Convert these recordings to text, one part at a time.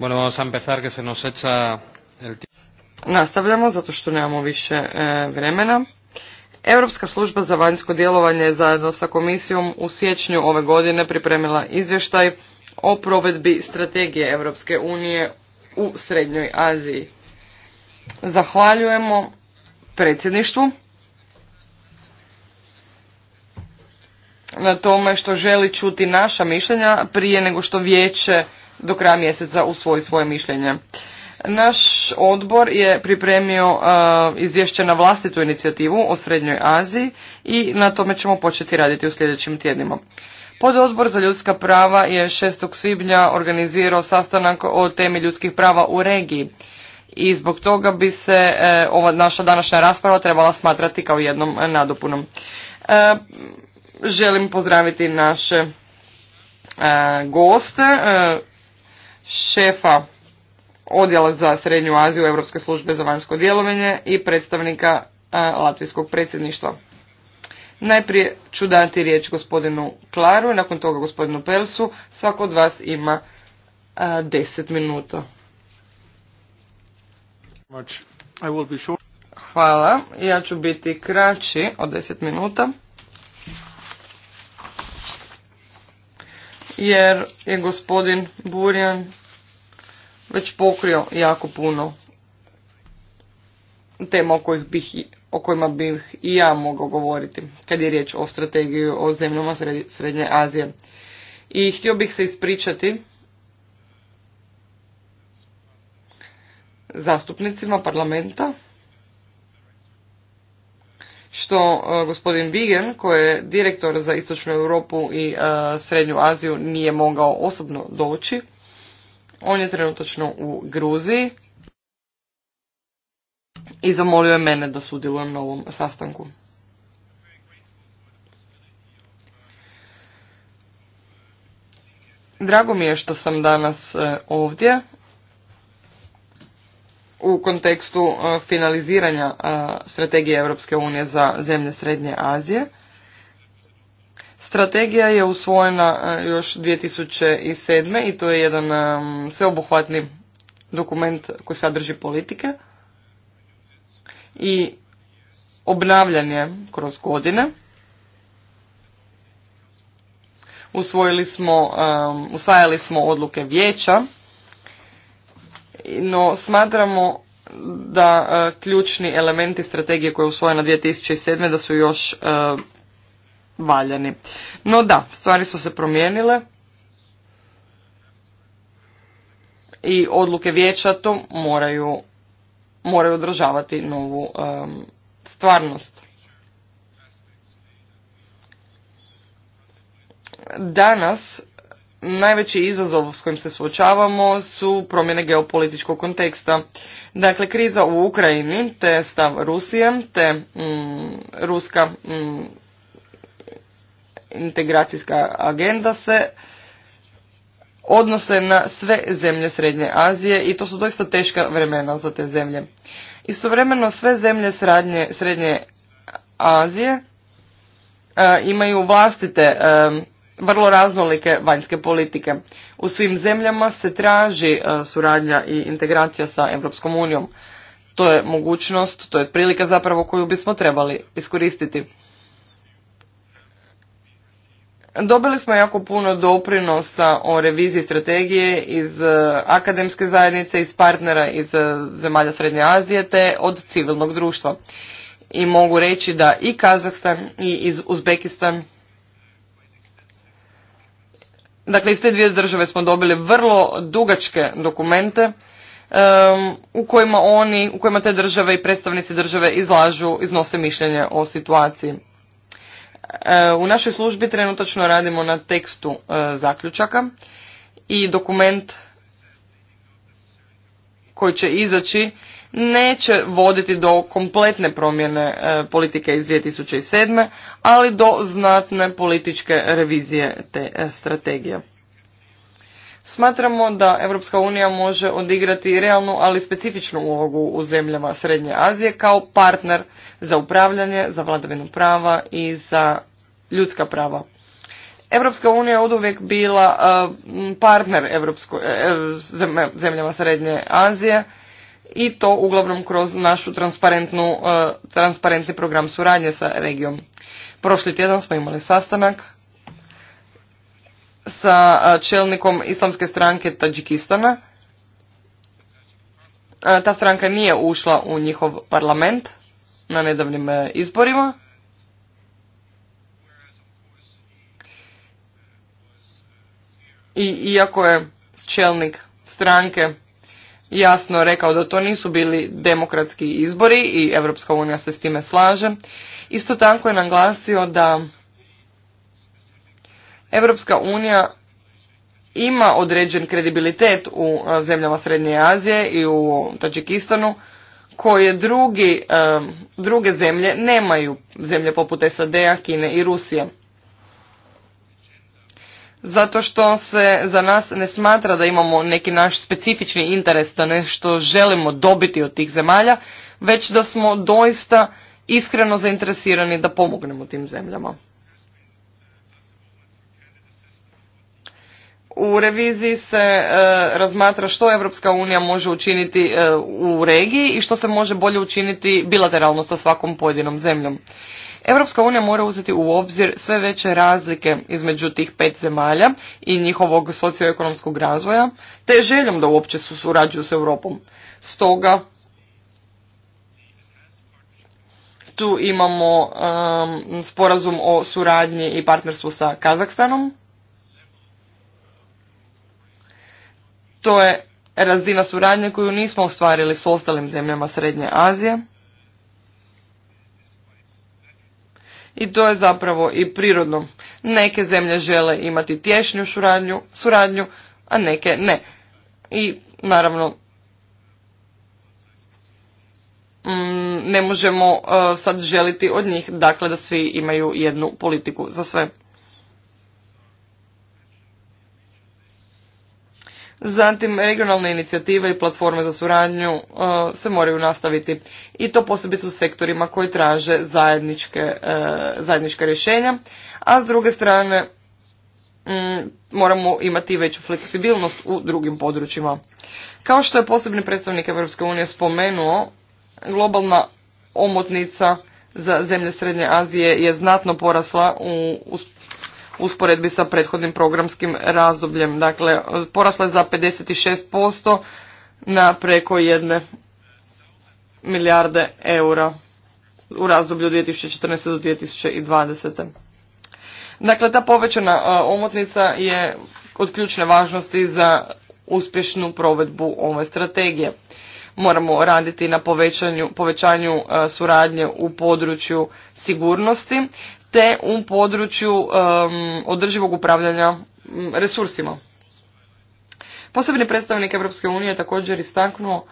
Bueno, vamos a se nos echa el Nastavljamo, zato što nemamo više e, vremena. Europska služba za vanjsko djelovanje zajedno sa komisijom u siječnju ove godine pripremila izvještaj o provedbi strategije Europske unije u Srednjoj Aziji. Zahvaljujemo predsjedništvu na tome što želi čuti naša mišljenja prije nego što vijeće do kraja mjeseca usvoji svoje mišljenje. Naš odbor je pripremio e, izvješće na vlastitu inicijativu o Srednjoj Aziji i na tome ćemo početi raditi u sljedećim tjednima. Pododbor za ljudska prava je 6. svibnja organizirao sastanak o temi ljudskih prava u regiji i zbog toga bi se e, ova naša današnja rasprava trebala smatrati kao jednom nadopunom. E, želim pozdraviti naše e, goste šefa odjela za Srednju Aziju Europske službe za vanjsko djelovanje i predstavnika e, Latvijskog predsjedništva. Najprije ću dati riječ gospodinu Klaru i nakon toga gospodinu Pelsu. Svako od vas ima e, deset minuta. Hvala. Ja ću biti kraći od deset minuta. jer je gospodin Burjan već pokrio jako puno tema o, kojima bih i ja mogao govoriti kad je riječ o strategiji o zemljama Srednje Azije. I htio bih se ispričati zastupnicima parlamenta što e, gospodin Bigen, koji je direktor za Istočnu Europu i e, Srednju Aziju, nije mogao osobno doći. On je trenutačno u Gruziji i zamolio je mene da sudjelujem na ovom sastanku. Drago mi je što sam danas e, ovdje u kontekstu e, finaliziranja e, strategije Europske unije za zemlje Srednje Azije. Strategija je usvojena e, još 2007. i to je jedan sveobuhvatni dokument koji sadrži politike i obnavljan je kroz godine. Usvojili smo, usvajali smo odluke vijeća no smatramo da e, ključni elementi strategije koja je usvojena 2007. da su još e, valjani. No da, stvari su se promijenile i odluke vijeća to moraju, moraju održavati novu e, stvarnost. Danas najveći izazov s kojim se suočavamo su promjene geopolitičkog konteksta. Dakle, kriza u Ukrajini, te stav Rusije, te mm, ruska mm, integracijska agenda se odnose na sve zemlje Srednje Azije i to su doista teška vremena za te zemlje. Istovremeno sve zemlje Srednje Azije e, imaju vlastite vrlo raznolike vanjske politike. U svim zemljama se traži e, suradnja i integracija sa Europskom unijom. To je mogućnost, to je prilika zapravo koju bismo trebali iskoristiti. Dobili smo jako puno doprinosa o reviziji strategije iz e, akademske zajednice, iz partnera iz e, zemalja Srednje Azije te od civilnog društva. I mogu reći da i Kazahstan i iz Uzbekistan Dakle, iz te dvije države smo dobili vrlo dugačke dokumente u kojima oni, u kojima te države i predstavnici države izlažu, iznose mišljenje o situaciji. E, u našoj službi trenutačno radimo na tekstu e, zaključaka i dokument koji će izaći neće voditi do kompletne promjene e, politike iz 2007. ali do znatne političke revizije te e, strategije. Smatramo da Europska unija može odigrati realnu, ali specifičnu ulogu u zemljama Srednje Azije kao partner za upravljanje, za vladavinu prava i za ljudska prava. Europska unija je oduvijek bila e, partner zemljama Srednje Azije i to uglavnom kroz našu transparentnu, e, transparentni program suradnje sa regijom. Prošli tjedan smo imali sastanak sa e, čelnikom islamske stranke Tadžikistana. E, ta stranka nije ušla u njihov parlament na nedavnim izborima. I iako je čelnik stranke jasno rekao da to nisu bili demokratski izbori i Europska unija se s time slaže. Isto tako je naglasio da Europska unija ima određen kredibilitet u e, zemljama Srednje Azije i u Tadžikistanu koje e, druge zemlje nemaju, zemlje poput SAD-a, Kine i Rusije zato što se za nas ne smatra da imamo neki naš specifični interes da nešto želimo dobiti od tih zemalja, već da smo doista iskreno zainteresirani da pomognemo tim zemljama. U reviziji se e, razmatra što Europska unija može učiniti e, u regiji i što se može bolje učiniti bilateralno sa svakom pojedinom zemljom. Europska unija mora uzeti u obzir sve veće razlike između tih pet zemalja i njihovog socioekonomskog razvoja, te željom da uopće su surađuju s Europom. Stoga tu imamo um, sporazum o suradnji i partnerstvu sa Kazakstanom. To je razina suradnje koju nismo ostvarili s ostalim zemljama Srednje Azije. i to je zapravo i prirodno. Neke zemlje žele imati tješnju suradnju, suradnju a neke ne. I naravno mm, ne možemo eh, sad želiti od njih dakle da svi imaju jednu politiku za sve. Zatim, regionalne inicijative i platforme za suradnju uh, se moraju nastaviti i to posebice u sektorima koji traže zajedničke, uh, zajednička rješenja, a s druge strane mm, moramo imati veću fleksibilnost u drugim područjima. Kao što je posebni predstavnik EU unije spomenuo, globalna omotnica za zemlje Srednje Azije je znatno porasla u usporedbi sa prethodnim programskim razdobljem. Dakle, porasla je za 56% na preko jedne milijarde eura u razdoblju 2014. do 2020. Dakle, ta povećana e, omotnica je od ključne važnosti za uspješnu provedbu ove strategije. Moramo raditi na povećanju, povećanju e, suradnje u području sigurnosti te u području održivog upravljanja resursima. Posebni predstavnik EU je također istaknuo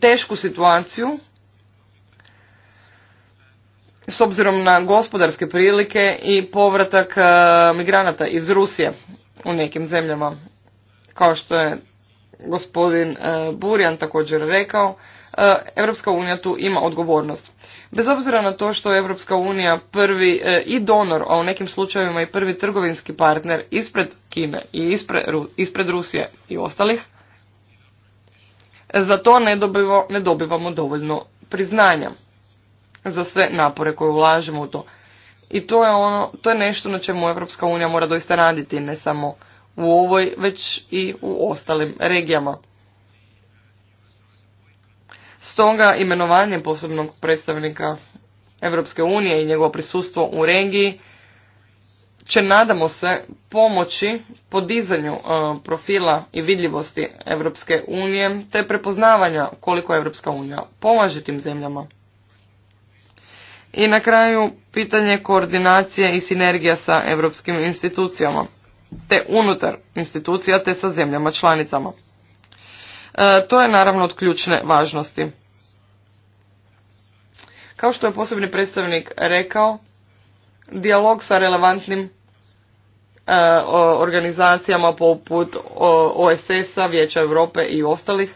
tešku situaciju s obzirom na gospodarske prilike i povratak e, migranata iz Rusije u nekim zemljama. Kao što je gospodin e, Burjan također rekao, Europska unija tu ima odgovornost. Bez obzira na to što je Europska unija prvi e, i donor, a u nekim slučajevima i prvi trgovinski partner ispred Kine i ispred, Rusije i ostalih, za to ne, dobivo, ne dobivamo dovoljno priznanja za sve napore koje ulažemo u to. I to je, ono, to je nešto na čemu Europska unija mora doista raditi, ne samo u ovoj, već i u ostalim regijama. Stoga imenovanje posebnog predstavnika Europske unije i njegovo prisustvo u regiji će nadamo se pomoći podizanju e, profila i vidljivosti Europske unije te prepoznavanja koliko Europska unija pomaže tim zemljama. I na kraju pitanje koordinacije i sinergija sa europskim institucijama te unutar institucija te sa zemljama članicama. E, to je naravno od ključne važnosti. Kao što je posebni predstavnik rekao, dijalog sa relevantnim e, organizacijama poput OSS-a, Vijeća Europe i ostalih,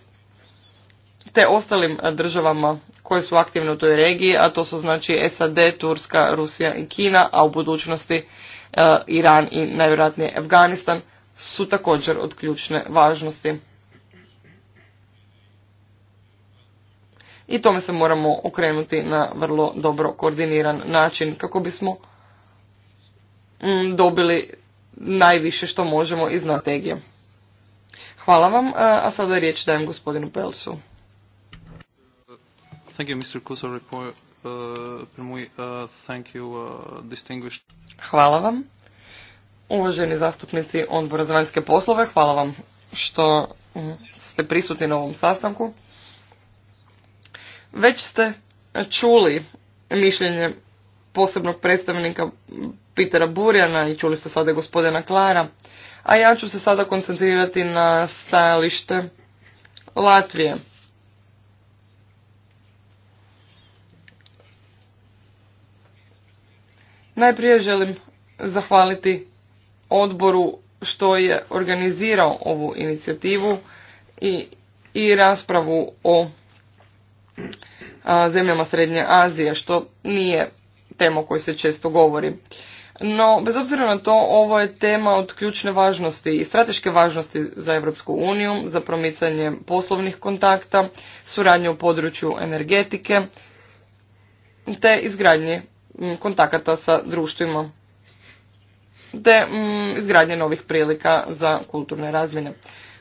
te ostalim državama koje su aktivne u toj regiji, a to su znači SAD, Turska, Rusija i Kina, a u budućnosti e, Iran i najvjerojatnije Afganistan, su također od ključne važnosti. i tome se moramo okrenuti na vrlo dobro koordiniran način kako bismo mm, dobili najviše što možemo iz strategije. Hvala vam, e, a sada riječ dajem gospodinu Pelsu. Thank you, Mr. Uh, uh, thank you, uh, Hvala vam. Uvaženi zastupnici odbora za vanjske poslove, hvala vam što mm, ste prisutni na ovom sastanku. Već ste čuli mišljenje posebnog predstavnika Pitera Burjana i čuli ste sada gospodina Klara, a ja ću se sada koncentrirati na stajalište Latvije. Najprije želim zahvaliti odboru što je organizirao ovu inicijativu i, i raspravu o zemljama Srednje Azije, što nije tema o kojoj se često govori. No, bez obzira na to, ovo je tema od ključne važnosti i strateške važnosti za Europsku uniju, za promicanje poslovnih kontakta, suradnje u području energetike, te izgradnje kontakata sa društvima, te izgradnje novih prilika za kulturne razmjene.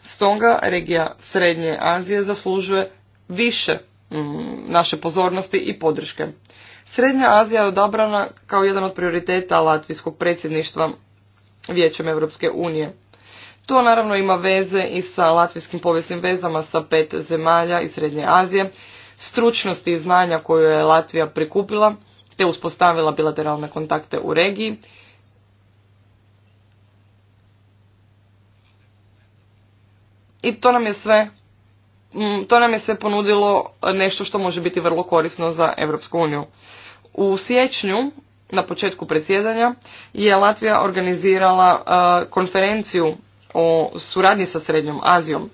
Stoga regija Srednje Azije zaslužuje više naše pozornosti i podrške. Srednja Azija je odabrana kao jedan od prioriteta latvijskog predsjedništva Vijećem Europske unije. To naravno ima veze i sa latvijskim povijesnim vezama sa pet zemalja i Srednje Azije, stručnosti i znanja koju je Latvija prikupila te uspostavila bilateralne kontakte u regiji, I to nam je sve Mm, to nam je se ponudilo nešto što može biti vrlo korisno za Europsku uniju. U siječnju, na početku predsjedanja, je Latvija organizirala e, konferenciju o suradnji sa Srednjom Azijom.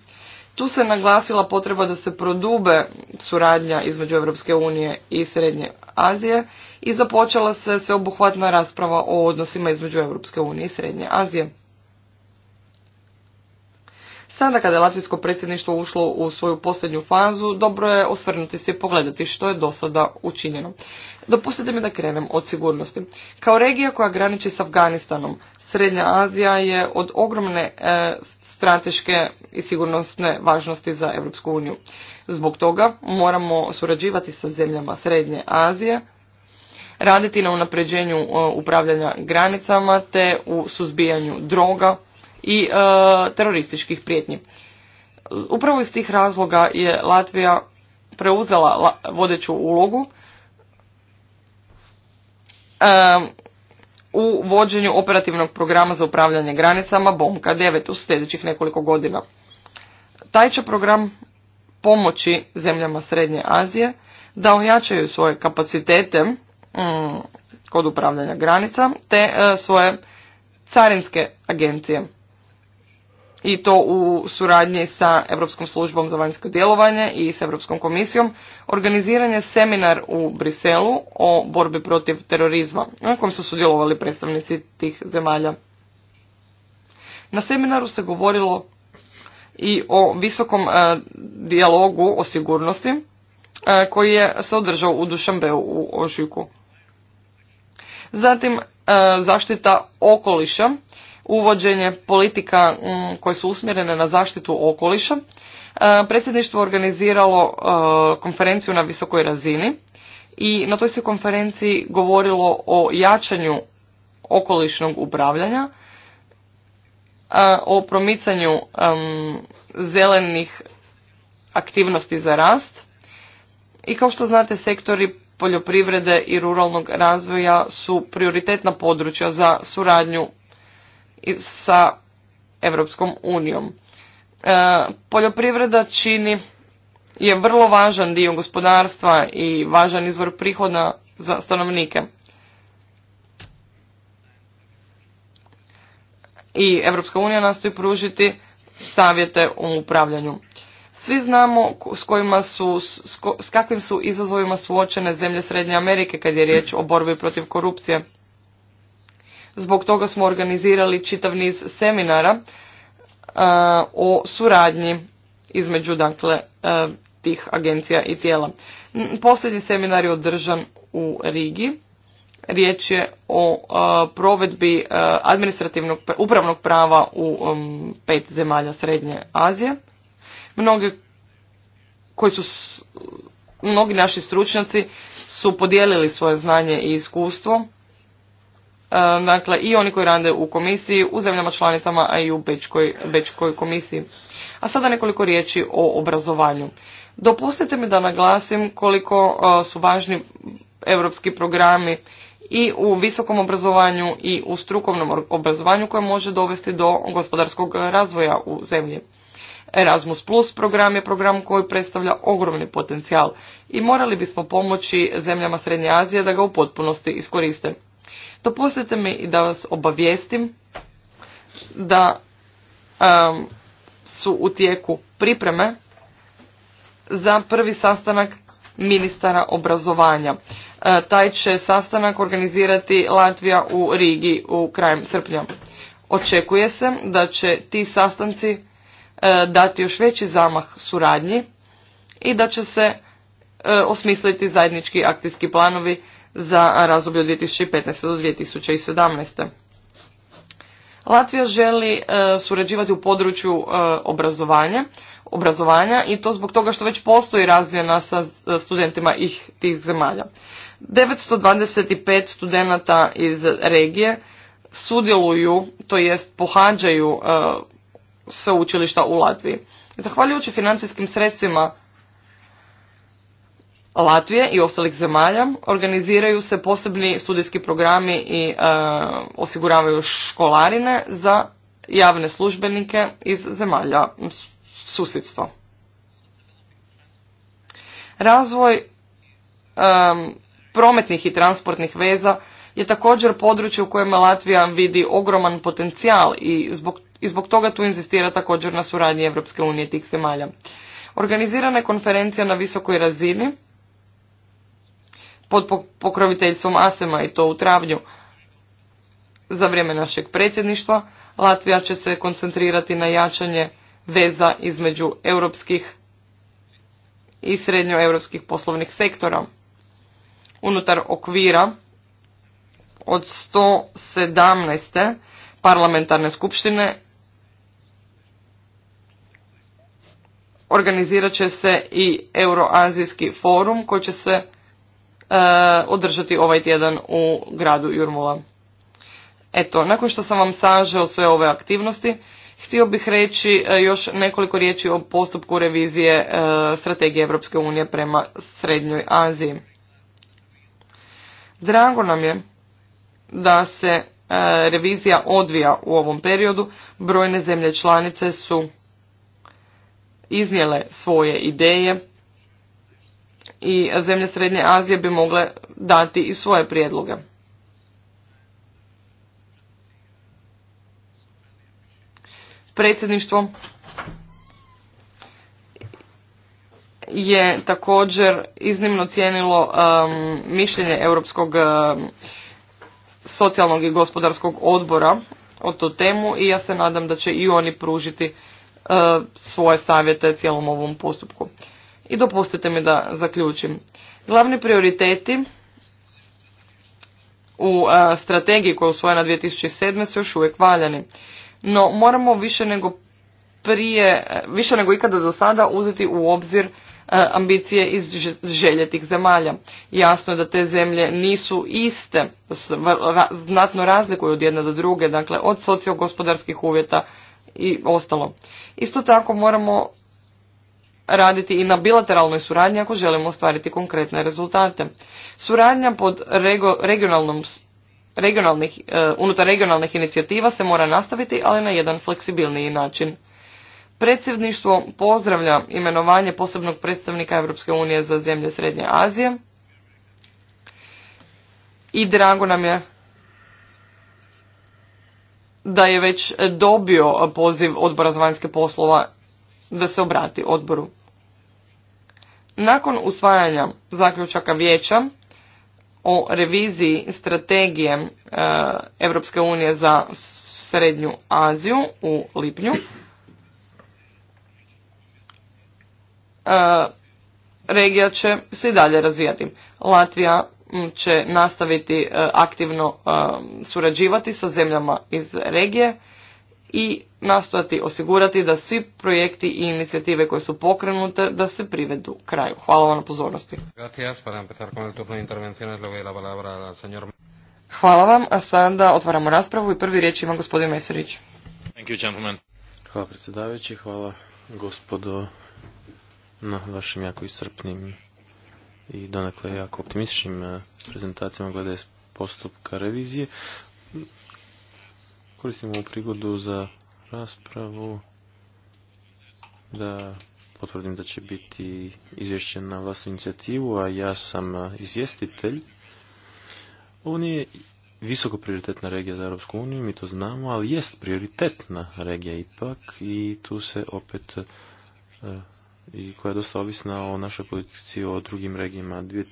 Tu se naglasila potreba da se prodube suradnja između Europske unije i Srednje Azije i započela se sveobuhvatna rasprava o odnosima između Europske unije i Srednje Azije. Sada kada je Latvijsko predsjedništvo ušlo u svoju posljednju fazu, dobro je osvrnuti se i pogledati što je do sada učinjeno. Dopustite mi da krenem od sigurnosti. Kao regija koja graniči s Afganistanom, Srednja Azija je od ogromne e, strateške i sigurnosne važnosti za Europsku uniju. Zbog toga moramo surađivati sa zemljama Srednje Azije, raditi na unapređenju e, upravljanja granicama te u suzbijanju droga, i e, terorističkih prijetnji. Upravo iz tih razloga je Latvija preuzela vodeću ulogu e, u vođenju operativnog programa za upravljanje granicama BOMKA 9 u sljedećih nekoliko godina. Taj će program pomoći zemljama Srednje Azije da ojačaju svoje kapacitete mm, kod upravljanja granica te e, svoje carinske agencije i to u suradnji sa Europskom službom za vanjsko djelovanje i s Europskom komisijom, organiziran je seminar u Briselu o borbi protiv terorizma, na kojem su sudjelovali predstavnici tih zemalja. Na seminaru se govorilo i o visokom e, dijalogu o sigurnosti e, koji je se održao u Dušambeu u Ožujku. Zatim e, zaštita okoliša uvođenje politika mm, koje su usmjerene na zaštitu okoliša. E, predsjedništvo organiziralo e, konferenciju na visokoj razini i na toj se konferenciji govorilo o jačanju okolišnog upravljanja, e, o promicanju zelenih aktivnosti za rast i kao što znate sektori poljoprivrede i ruralnog razvoja su prioritetna područja za suradnju sa Europskom unijom. E, poljoprivreda čini je vrlo važan dio gospodarstva i važan izvor prihoda za stanovnike. I Europska unija nastoji pružiti savjete u upravljanju. Svi znamo s, kojima su, s kakvim su izazovima suočene zemlje Srednje Amerike kad je riječ o borbi protiv korupcije. Zbog toga smo organizirali čitav niz seminara e, o suradnji između dakle e, tih agencija i tijela. Posljednji seminar je održan u Rigi. Riječ je o e, provedbi administrativnog upravnog prava u pet zemalja Srednje Azije. Mnogi koji su mnogi naši stručnjaci su podijelili svoje znanje i iskustvo E, dakle i oni koji rade u komisiji, u zemljama članicama, a i u Bečkoj, Bečkoj komisiji. A sada nekoliko riječi o obrazovanju. Dopustite mi da naglasim koliko e, su važni europski programi i u visokom obrazovanju i u strukovnom obrazovanju koje može dovesti do gospodarskog razvoja u zemlji. Erasmus Plus program je program koji predstavlja ogromni potencijal i morali bismo pomoći zemljama Srednje Azije da ga u potpunosti iskoriste. Dopustite mi i da vas obavijestim da su u tijeku pripreme za prvi sastanak ministara obrazovanja. E, taj će sastanak organizirati Latvija u Rigi u krajem srpnja. Očekuje se da će ti sastanci e, dati još veći zamah suradnji i da će se e, osmisliti zajednički akcijski planovi za razdoblje od 2015. do 2017. Latvija želi e, surađivati u području e, obrazovanja, obrazovanja i to zbog toga što već postoji razvijena sa e, studentima ih tih zemalja. 925 studenata iz regije sudjeluju, to jest pohađaju e, sveučilišta u Latviji. Zahvaljujući financijskim sredstvima Latvije i ostalih zemalja organiziraju se posebni studijski programi i e, osiguravaju školarine za javne službenike iz zemalja susjedstva. Razvoj e, prometnih i transportnih veza je također područje u kojem Latvija vidi ogroman potencijal i zbog, zbog toga tu inzistira također na suradnji Europske unije tih zemalja. Organizirana je konferencija na visokoj razini pod pokroviteljstvom ASEMA i to u travnju. Za vrijeme našeg predsjedništva Latvija će se koncentrirati na jačanje veza između europskih i srednjoeuropskih poslovnih sektora. Unutar okvira od 117. parlamentarne skupštine organizirat će se i Euroazijski forum koji će se Eh, održati ovaj tjedan u gradu Jurmula. Eto, nakon što sam vam sažeo sve ove aktivnosti, htio bih reći eh, još nekoliko riječi o postupku revizije eh, strategije Europske unije prema Srednjoj Aziji. Drago nam je da se revizija odvija u ovom periodu. Brojne zemlje članice su iznijele svoje ideje i zemlje Srednje Azije bi mogle dati i svoje prijedloge. Predsjedništvo je također iznimno cijenilo um, mišljenje Europskog um, socijalnog i gospodarskog odbora o tu temu i ja se nadam da će i oni pružiti uh, svoje savjete cijelom ovom postupku. I dopustite mi da zaključim. Glavni prioriteti u e, strategiji koja je usvojena 2007. su još uvijek valjani. No moramo više nego prije, e, više nego ikada do sada uzeti u obzir e, ambicije iz želje tih zemalja. Jasno je da te zemlje nisu iste, znatno razlikuju od jedne do druge, dakle od sociogospodarskih uvjeta i ostalo. Isto tako moramo raditi i na bilateralnoj suradnji ako želimo ostvariti konkretne rezultate. Suradnja pod regionalnom, regionalnih, e, unutar regionalnih inicijativa se mora nastaviti, ali na jedan fleksibilniji način. Predsjedništvo pozdravlja imenovanje posebnog predstavnika Europske unije za zemlje Srednje Azije i drago nam je da je već dobio poziv odbora za vanjske poslova da se obrati odboru. Nakon usvajanja zaključaka vijeća o reviziji strategije Europske unije za Srednju Aziju u lipnju, e, regija će se i dalje razvijati. Latvija će nastaviti e, aktivno e, surađivati sa zemljama iz regije i nastojati osigurati da svi projekti i inicijative koje su pokrenute da se privedu kraju. Hvala vam na pozornosti. Hvala vam, a sada otvaramo raspravu i prvi riječ ima gospodin Meserić. Hvala predsjedavajući, hvala gospodo na vašim jako iscrpnim i donekle jako optimističnim eh, prezentacijama glede postupka revizije. Koristim ovu prigodu za raspravu da potvrdim da će biti izvješćen na vlastnu inicijativu, a ja sam izvjestitelj. Ovo nije visoko prioritetna regija za Europsku uniju, mi to znamo, ali jest prioritetna regija ipak i tu se opet i koja je dosta ovisna o našoj politici o drugim regijima. Dvije,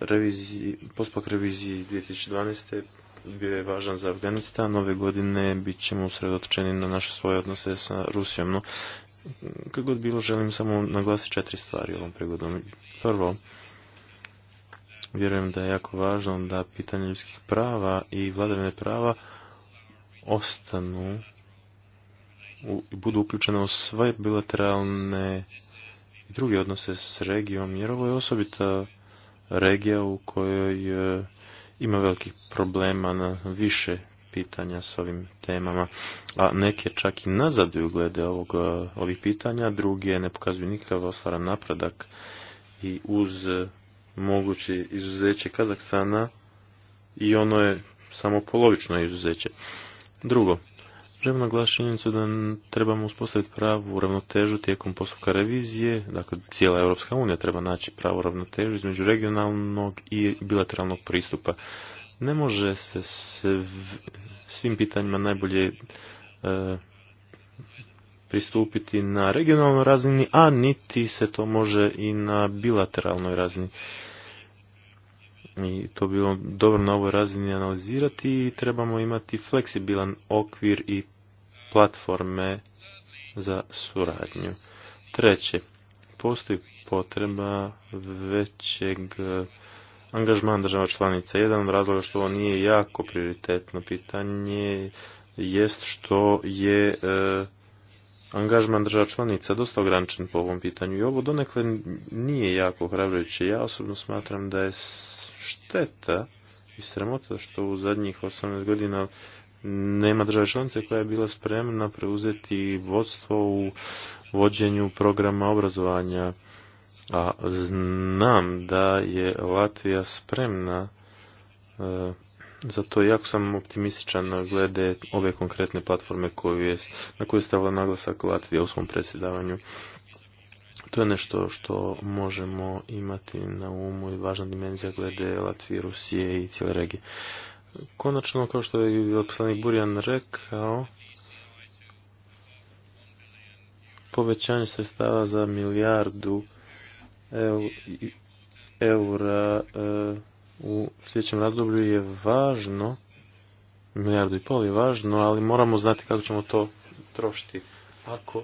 reviziji, postupak reviziji 2012 bio je važan za Afganistan. Ove godine bit ćemo usredotočeni na naše svoje odnose sa Rusijom. No, kako god bilo, želim samo naglasiti četiri stvari ovom prigodom. Prvo, vjerujem da je jako važno da pitanje ljudskih prava i vladavine prava ostanu i budu uključene u sve bilateralne i druge odnose s regijom, jer ovo je osobita regija u kojoj e, ima velikih problema na više pitanja s ovim temama, a neke čak i nazaduju glede ovog, e, ovih pitanja, druge ne pokazuju nikakav ostvaran napredak i uz moguće izuzeće Kazakstana i ono je samo polovično izuzeće. Drugo, Želim naglasiti da trebamo uspostaviti pravu ravnotežu tijekom postupka revizije, dakle cijela Europska unija treba naći pravu ravnotežu između regionalnog i bilateralnog pristupa. Ne može se svim pitanjima najbolje e, pristupiti na regionalnoj razini, a niti se to može i na bilateralnoj razini i to bi bilo dobro na ovoj razini analizirati i trebamo imati fleksibilan okvir i platforme za suradnju. Treće, postoji potreba većeg e, angažman država članica. Jedan od razloga što ovo nije jako prioritetno pitanje jest što je e, angažman država članica dosta ograničen po ovom pitanju i ovo donekle nije jako ohrabrujuće. Ja osobno smatram da je šteta i sramota što u zadnjih 18 godina nema države članice koja je bila spremna preuzeti vodstvo u vođenju programa obrazovanja. A znam da je Latvija spremna e, zato jako sam optimističan glede ove konkretne platforme na koju je stavila naglasak Latvija u svom predsjedavanju. To je nešto što možemo imati na umu i važna dimenzija glede Latvije, Rusije i cijele regije. Konačno, kao što je poslanik Burjan rekao, povećanje sredstava za milijardu eura e, u sljedećem razdoblju je važno, milijardu i pol je važno, ali moramo znati kako ćemo to trošiti. Ako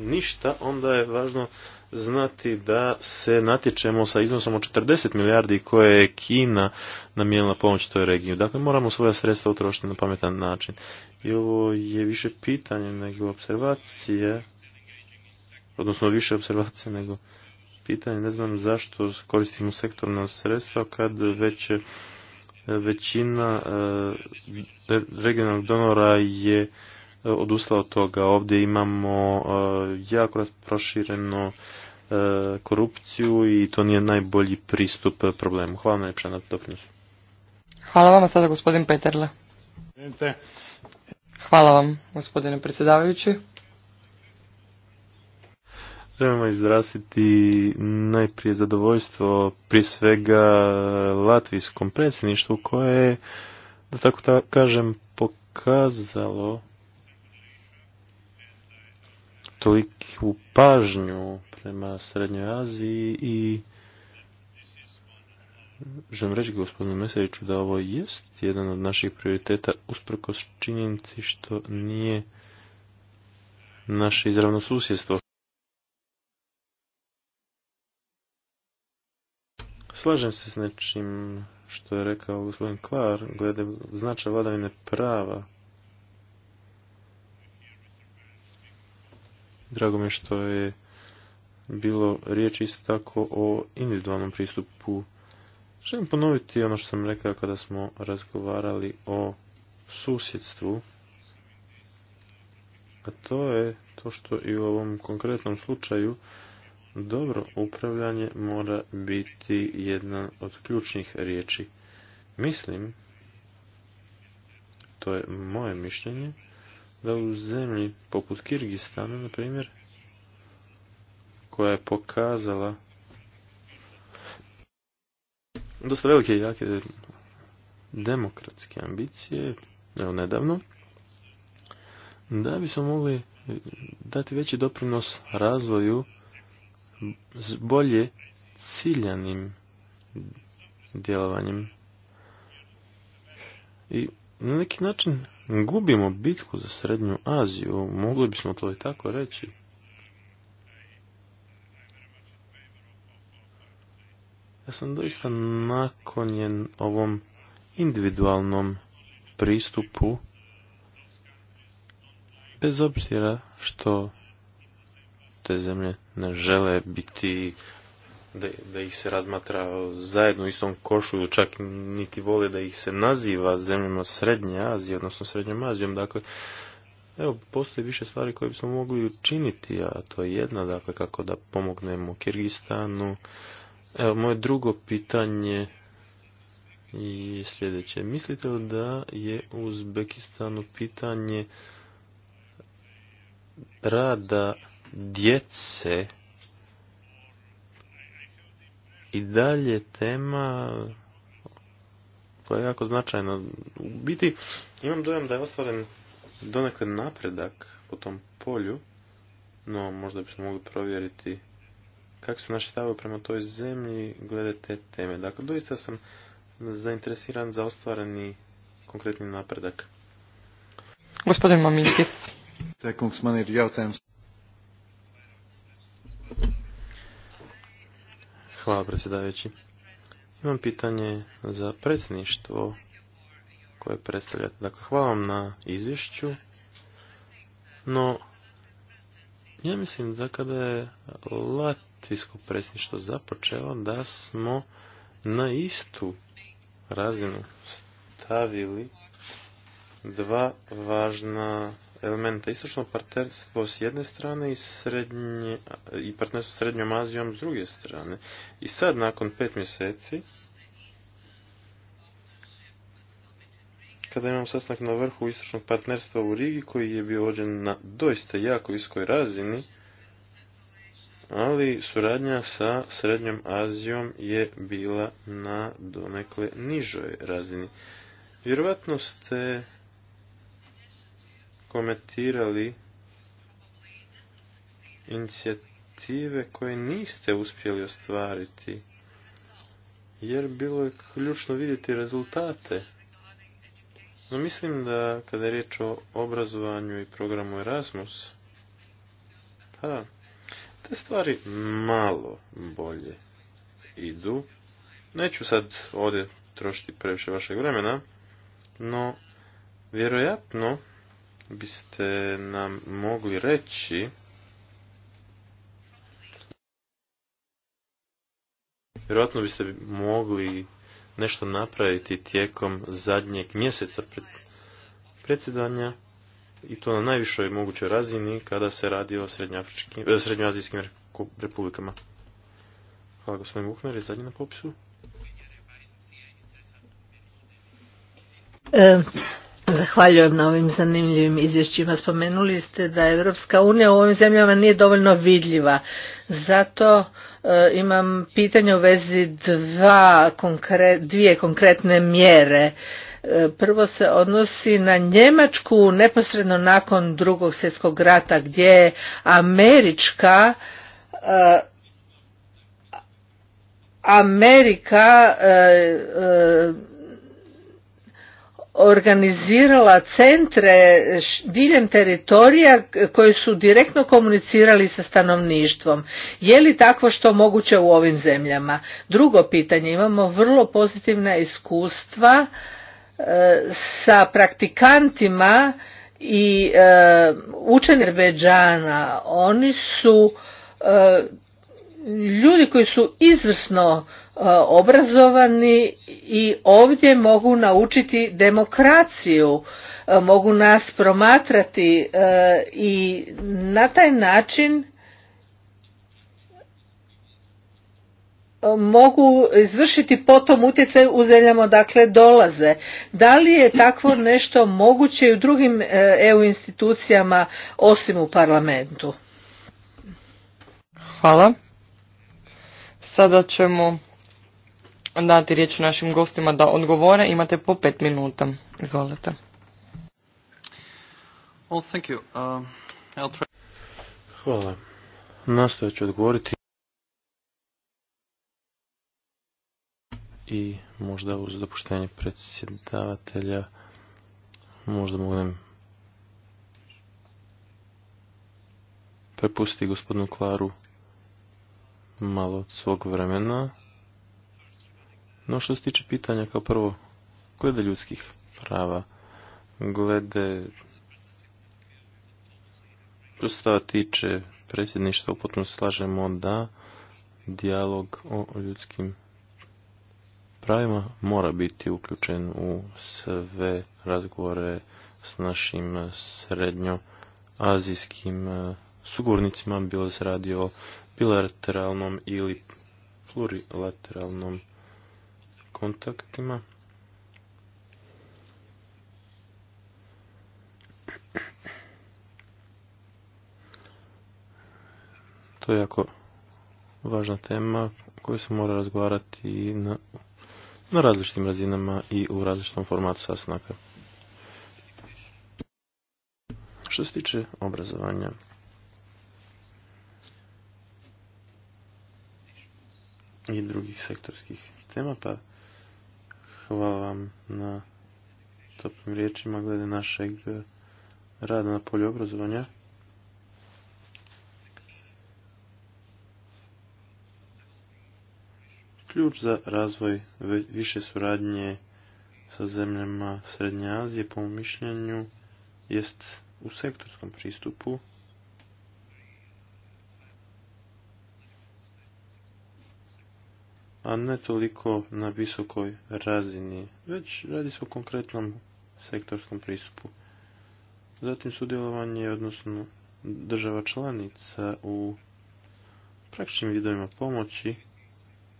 ništa, onda je važno znati da se natječemo sa iznosom od 40 milijardi koje je Kina namijenila pomoć toj regiji. Dakle, moramo svoja sredstva utrošiti na pametan način. I ovo je više pitanje nego observacije, odnosno više observacije nego pitanje. Ne znam zašto koristimo sektorna sredstva kad već eh, većina eh, regionalnog donora je odustala od toga. Ovdje imamo e, jako proširenu e, korupciju i to nije najbolji pristup problemu. Hvala na doprinosu. Hvala vam sada gospodin Peterle. Hvala vam gospodine predsjedavajući. Želimo izraziti najprije zadovoljstvo prije svega latvijskom predsjedništvu koje da tako kažem, pokazalo toliku pažnju prema Srednjoj Aziji i želim reći gospodinu Meseviću da ovo jest jedan od naših prioriteta usprkos činjenici što nije naše izravno susjedstvo. Slažem se s nečim što je rekao gospodin Klar glede značaj vladavine prava Drago mi je što je bilo riječ isto tako o individualnom pristupu. Želim ponoviti ono što sam rekao kada smo razgovarali o susjedstvu. A to je to što i u ovom konkretnom slučaju dobro upravljanje mora biti jedna od ključnih riječi. Mislim, to je moje mišljenje, da u zemlji poput Kirgistana, na primjer, koja je pokazala dosta velike i jake demokratske ambicije, evo nedavno, da bismo mogli dati veći doprinos razvoju s bolje ciljanim djelovanjem. I na neki način gubimo bitku za Srednju Aziju, mogli bismo to i tako reći. Ja sam doista nakonjen ovom individualnom pristupu, bez obzira što te zemlje ne žele biti da, da ih se razmatra zajedno u istom košu, čak niti vole da ih se naziva zemljama Srednje Azije, odnosno Srednjom Azijom. Dakle, evo, postoji više stvari koje bismo mogli učiniti, a to je jedna, dakle, kako da pomognemo Kirgistanu. Evo, moje drugo pitanje je sljedeće. Mislite li da je u Uzbekistanu pitanje rada djece i dalje tema koja je jako značajna. U biti imam dojam da je ostvaren donekle napredak u tom polju, no možda bismo mogli provjeriti kako su naši stavovi prema toj zemlji glede te teme. Dakle, doista sam zainteresiran za ostvareni konkretni napredak. Gospodin Hvala predsjedavajući. Imam pitanje za predsjedništvo koje predstavljate. Dakle, hvala vam na izvješću, no ja mislim da kada je latvijsko predsjedništvo započelo, da smo na istu razinu stavili dva važna elementa istočno partnerstvo s jedne strane i, srednje, i partnerstvo s Srednjom Azijom s druge strane. I sad, nakon pet mjeseci, kada imam sastanak na vrhu istočnog partnerstva u Rigi, koji je bio vođen na doista jako viskoj razini, ali suradnja sa Srednjom Azijom je bila na donekle nižoj razini. Vjerovatno ste komentirali inicijative koje niste uspjeli ostvariti, jer bilo je ključno vidjeti rezultate. No mislim da kada je riječ o obrazovanju i programu Erasmus, pa te stvari malo bolje idu. Neću sad ovdje trošiti previše vašeg vremena, no vjerojatno biste nam mogli reći vjerojatno biste mogli nešto napraviti tijekom zadnjeg mjeseca predsjedanja i to na najvišoj mogućoj razini kada se radi o e, srednjoazijskim republikama. Hvala gospodin Buhner, je zadnji na popisu. E, Zahvaljujem na ovim zanimljivim izvješćima. Spomenuli ste da Europska unija u ovim zemljama nije dovoljno vidljiva. Zato e, imam pitanje u vezi dva, dvije konkretne mjere. E, prvo se odnosi na Njemačku neposredno nakon drugog svjetskog rata gdje je američka e, Amerika organizirala centre diljem teritorija koji su direktno komunicirali sa stanovništvom. Je li takvo što moguće u ovim zemljama? Drugo pitanje, imamo vrlo pozitivna iskustva e, sa praktikantima i učenjerbeđana. učenje Oni su e, ljudi koji su izvrsno e, obrazovani i ovdje mogu naučiti demokraciju, e, mogu nas promatrati e, i na taj način mogu izvršiti potom utjecaj u zemljama dakle dolaze. Da li je takvo nešto moguće i u drugim EU institucijama osim u parlamentu? Hvala. Sada ćemo dati riječ našim gostima da odgovore. Imate po pet minuta. Izvolite. Well, thank you. Uh, Hvala. Nastojat ću odgovoriti. I možda uz dopuštenje predsjedavatelja možda mogu prepustiti gospodinu Klaru malo od svog vremena. No što se tiče pitanja kao prvo, glede ljudskih prava, glede što se tiče predsjedništva, potom slažemo da dijalog o ljudskim pravima mora biti uključen u sve razgovore s našim srednjoazijskim eh, sugovornicima, bilo se radi o bilateralnom ili plurilateralnom kontaktima. To je jako važna tema koju se mora razgovarati na, na različitim razinama i u različitom formatu sastanaka. Što se tiče obrazovanja, i drugih sektorskih tema, pa hvala vam na topnim riječima glede našeg e, rada na polju obrazovanja. Ključ za razvoj više suradnje sa zemljama Srednje Azije, po mišljenju, jest u sektorskom pristupu a ne toliko na visokoj razini, već radi se o konkretnom sektorskom pristupu. Zatim sudjelovanje, odnosno država članica u praktičnim vidovima pomoći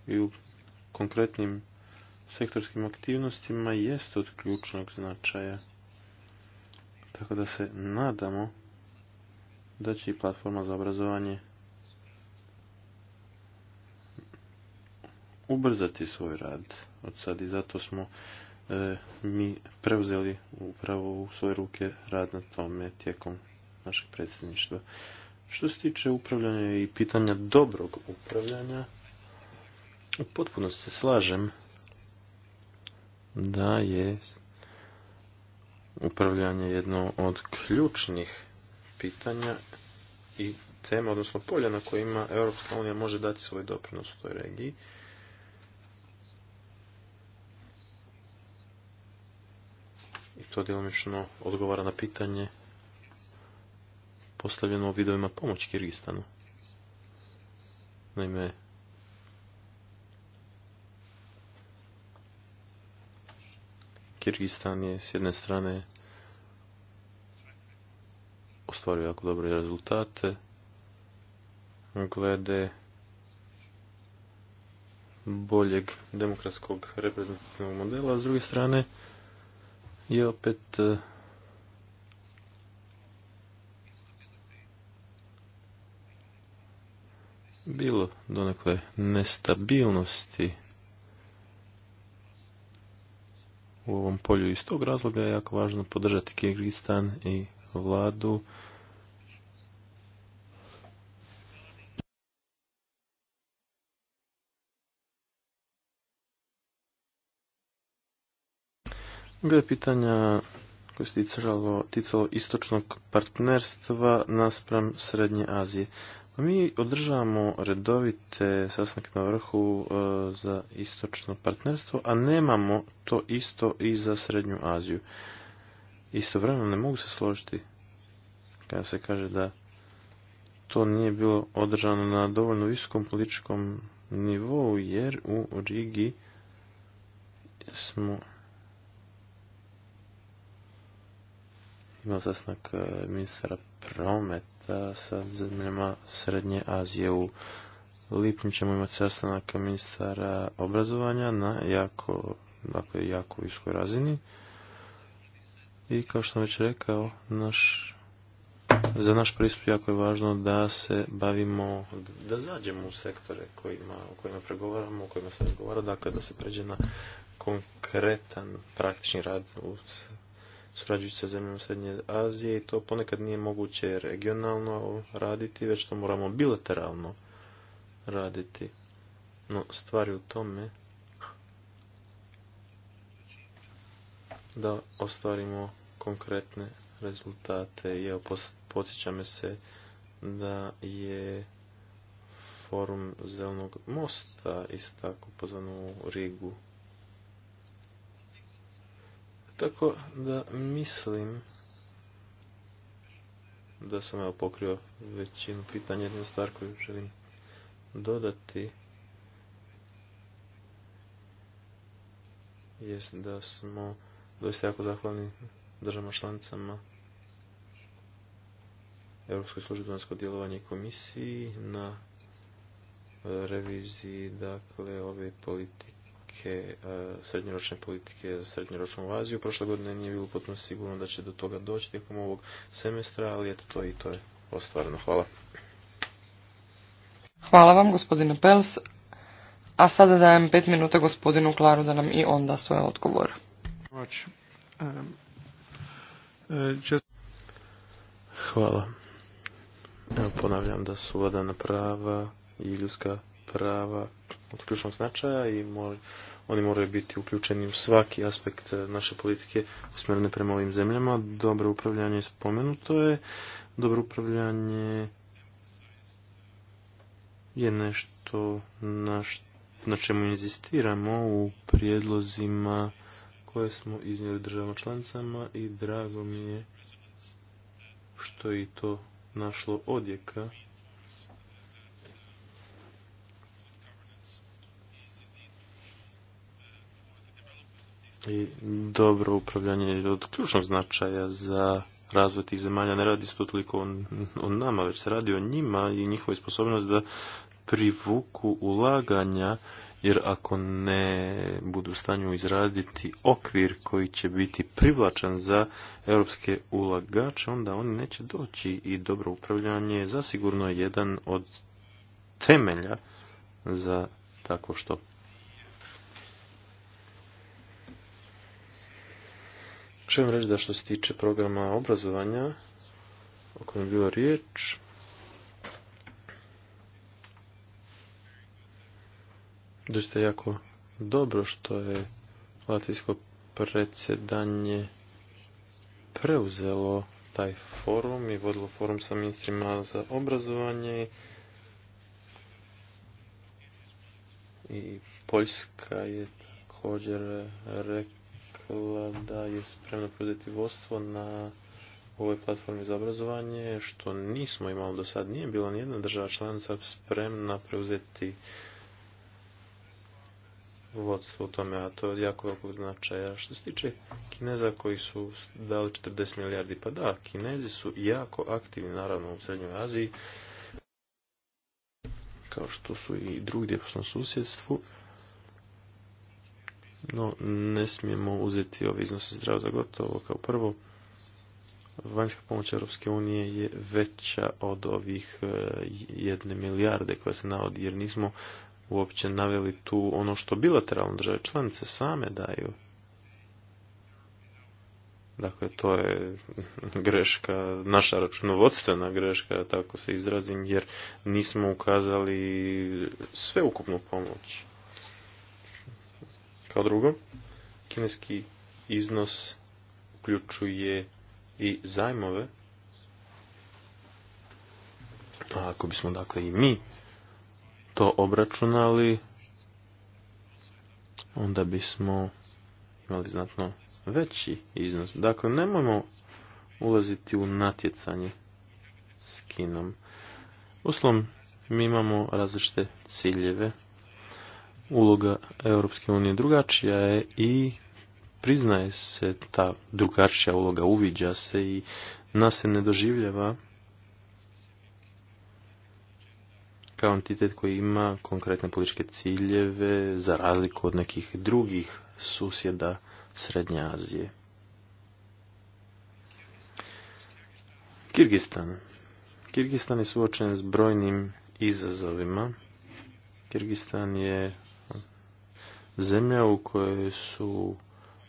i u konkretnim sektorskim aktivnostima jest od ključnog značaja. Tako da se nadamo da će i platforma za obrazovanje ubrzati svoj rad od sad i zato smo e, mi preuzeli upravo u svoje ruke rad na tome tijekom našeg predsjedništva. Što se tiče upravljanja i pitanja dobrog upravljanja, u potpunosti se slažem da je upravljanje jedno od ključnih pitanja i tema, odnosno polja na kojima Europska unija može dati svoj doprinos u toj regiji. to djelomično odgovara na pitanje postavljeno u vidovima pomoć Kirgistanu. Naime, Kirgistan je s jedne strane ostvario jako dobre rezultate glede boljeg demokratskog reprezentativnog modela, a s druge strane je opet e, bilo donekle nestabilnosti u ovom polju. Iz tog razloga je jako važno podržati Kirgistan i vladu je pitanja koje se ticalo, istočnog partnerstva naspram Srednje Azije. Pa mi održavamo redovite sastanke na vrhu e, za istočno partnerstvo, a nemamo to isto i za Srednju Aziju. Istovremeno ne mogu se složiti kada se kaže da to nije bilo održano na dovoljno visokom političkom nivou, jer u Rigi smo imao sastanak e, ministra prometa sa zemljama Srednje Azije u lipnju ćemo imati sastanak ministara obrazovanja na jako, dakle, jako viškoj razini. I kao što sam već rekao, naš, za naš pristup jako je važno da se bavimo, da zađemo u sektore kojima, o kojima pregovaramo, o kojima se razgovara, dakle da se pređe na konkretan praktični rad u surađujući sa zemljom Srednje Azije i to ponekad nije moguće regionalno raditi, već to moramo bilateralno raditi. No, stvari u tome da ostvarimo konkretne rezultate. evo podsjeća me se da je forum Zelnog mosta isto tako pozvan u Rigu tako da mislim da sam evo pokrio većinu pitanja. jednu stvar koju želim dodati jest da smo doista jako zahvalni državama članicama Europskoj službi djelovanje i komisiji na reviziji dakle ove politike politike, e, srednjoročne politike za srednjoročnu Aziju. Prošle godine nije bilo potpuno sigurno da će do toga doći tijekom ovog semestra, ali eto to i to je ostvareno. Hvala. Hvala vam gospodine Pels. A sada dajem pet minuta gospodinu Klaru da nam i onda svoje odgovore. Hvala. ponavljam da su vladana prava i ljudska prava od ključnog značaja i oni moraju biti uključeni u svaki aspekt e, naše politike usmjerene prema ovim zemljama. Dobro upravljanje spomenuto je. Dobro upravljanje je nešto na, čemu inzistiramo u prijedlozima koje smo iznijeli državama članicama i drago mi je što je i to našlo odjeka I dobro upravljanje je od ključnog značaja za razvoj tih zemalja. Ne radi se to toliko o, nama, već se radi o njima i njihovoj sposobnost da privuku ulaganja jer ako ne budu u stanju izraditi okvir koji će biti privlačan za europske ulagače, onda oni neće doći i dobro upravljanje je zasigurno jedan od temelja za tako što. Želim reći da što se tiče programa obrazovanja, o kojem je bilo riječ, doista jako dobro što je latvijsko predsjedanje preuzelo taj forum i vodilo forum sa ministrima za obrazovanje i Poljska je također rekla da je spremno preuzeti vodstvo na ovoj platformi za obrazovanje, što nismo imali do sad. Nije bila nijedna država članica spremna preuzeti vodstvo u tome, a to je od jako velikog značaja. Što se tiče Kineza koji su dali 40 milijardi, pa da, Kinezi su jako aktivni, naravno, u Srednjoj Aziji, kao što su i drugdje u susjedstvu, no, ne smijemo uzeti ove iznose zdravo za gotovo. Kao prvo, vanjska pomoć Europske unije je veća od ovih e, jedne milijarde koja se navodi, jer nismo uopće naveli tu ono što bilateralno države članice same daju. Dakle, to je greška, naša računovodstvena greška, tako se izrazim, jer nismo ukazali sveukupnu pomoć. Kao drugo, kineski iznos uključuje i zajmove. A ako bismo dakle i mi to obračunali, onda bismo imali znatno veći iznos. Dakle, nemojmo ulaziti u natjecanje s Kinom. Uslom, mi imamo različite ciljeve uloga Europske unije drugačija je i priznaje se ta drugačija uloga, uviđa se i nas se ne doživljava kao entitet koji ima konkretne političke ciljeve za razliku od nekih drugih susjeda Srednje Azije. Kirgistan. Kirgistan je suočen s brojnim izazovima. Kirgistan je zemlja u kojoj su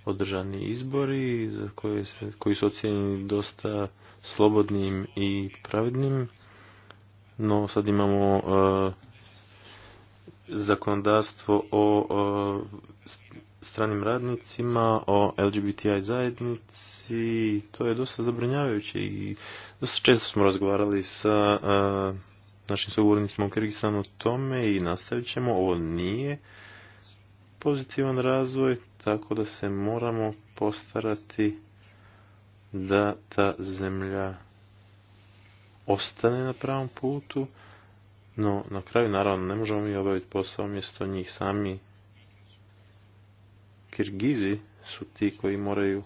održani izbori koje, koji su ocjenjeni dosta slobodnim i pravednim. No sad imamo e, zakonodavstvo o, e, stranim radnicima, o LGBTI zajednici, to je dosta zabrinjavajuće i dosta često smo razgovarali sa e, našim sugovornicima u Kirgistanu o tome i nastavit ćemo, ovo nije pozitivan razvoj, tako da se moramo postarati da ta zemlja ostane na pravom putu, no na kraju naravno ne možemo mi obaviti posao mjesto njih sami. Kirgizi su ti koji moraju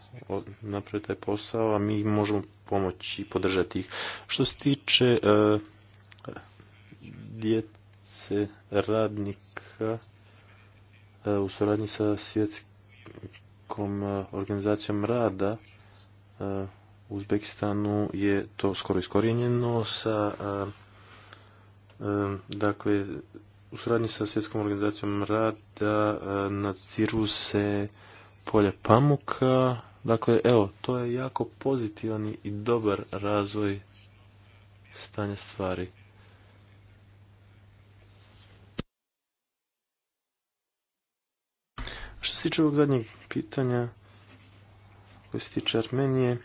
napraviti taj posao, a mi možemo pomoći i podržati ih. Što se tiče e, djece radnika, u suradnji sa svjetskom e, organizacijom rada e, u Uzbekistanu je to skoro iskorijenjeno sa e, dakle u suradnji sa svjetskom organizacijom rada nadziru se polje pamuka dakle evo to je jako pozitivan i dobar razvoj stanja stvari se tiče ovog zadnjeg pitanja, koji se tiče Armenije,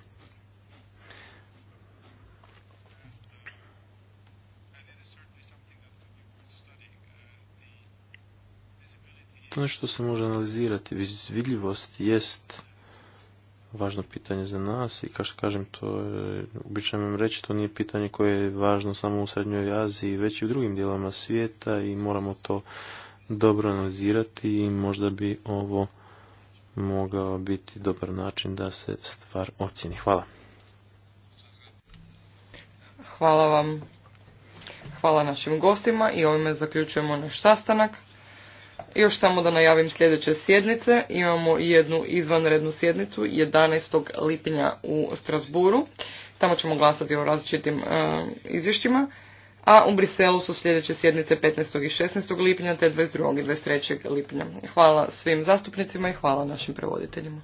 to nešto se može analizirati. Vidljivost jest važno pitanje za nas i kao što kažem to je, obično vam reći to nije pitanje koje je važno samo u Srednjoj Aziji već i u drugim dijelama svijeta i moramo to dobro analizirati i možda bi ovo mogao biti dobar način da se stvar ocjeni. Hvala. Hvala vam. Hvala našim gostima i ovime zaključujemo naš sastanak. Još samo da najavim sljedeće sjednice. Imamo jednu izvanrednu sjednicu 11. lipnja u Strasburu. Tamo ćemo glasati o različitim izvještima. izvješćima a u Briselu su sljedeće sjednice 15. i 16. lipnja te 22. i 23. lipnja. Hvala svim zastupnicima i hvala našim prevoditeljima.